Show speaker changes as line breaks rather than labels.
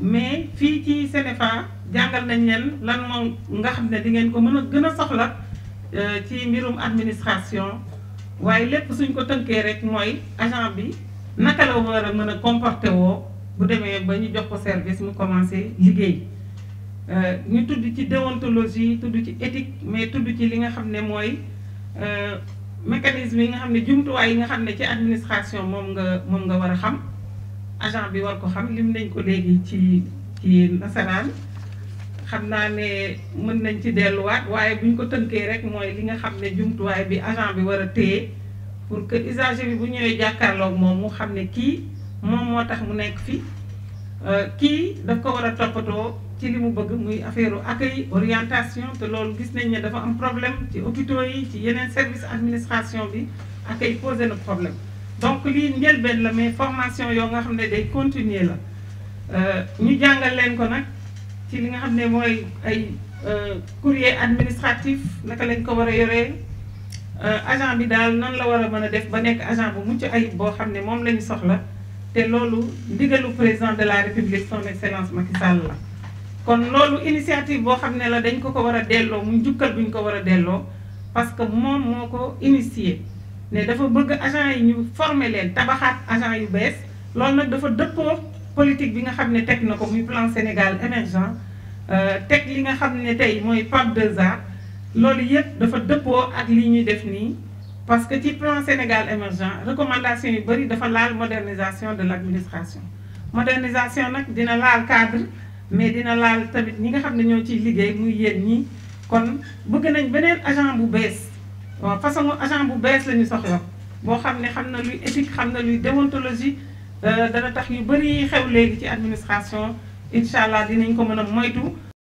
mais fii ci CNFA jàngal nañ leen lan moo nga xam ne di ngeen ko mën a gën a soxla euh, ci mbirum administration waaye lépp suñ ko tënkee rek mooy agent bi naka la war a mën a comporté woo bu demee ba ñu jox ko service mu commencé liggéey euh, ñu tudd ci déontologie tudd ci éthique mais tudd ci li nga xam ne mooy euh, mécanisme yi nga xam ne jumtuwaay yi nga xam ne ci administration moom nga moom nga war a xam agent bi war ko xam lim nañ ko léegi ci ci nasaraan xam naa ne mën nañ ci delluwaat waaye buñ ko tënkee rek mooy li nga xam bi agent bi pour que usager bi bu ñëwee jàkkaarloog moom mu xam ne kii moom mu nekk fi euh, kii daf ko war a ci bëgg muy accueil orientation loolu gis nañ dafa am problème ci hôpitaux yi ci service administration bi accueil posé na problème donc lii njëlbeen la mais formation yoo nga xam ne day continuer la euh, ñu jàngal leen ko nag ci li nga xam ne mooy ay euh, courrier administratif naka lañ ko war a yoree euh, agent bi daal nan la war a mën a def ba nekk agent bu mucc ay boo xam ne moom soxla te loolu ndigalu président de la république son excellence Macky Sall la. kon loolu initiative boo xam ne la dañ ko ko war a delloo mu njukkal bu ñu ko war a delloo parce que moom moo ko initié ne dafa bëgg agent yi ñu former leen tabaxaat agent yu bees loolu nag dafa dëppoo politique bi nga xam ne teg na ko muy plan Sénégal émergent euh, teg li nga xam ne tey mooy PAP 2A loolu yëpp dafa dëppoo ak li ñuy def nii parce que ci plan Sénégal émergent recommandation yu bëri dafa laal modernisation de l' administration modernisation nag dina laal cadre mais dina laal tamit ñi nga xam ne ñoo ciy liggéey muy yéen ñi kon bëgg nañ beneen agent bu bees waaw façon agent bu bees la ñu soxla boo xam ne xam na luy éthique xam na luy déontologie dana tax yu bëri xew léegi ci administration incha allah dinañ ko mën a moytu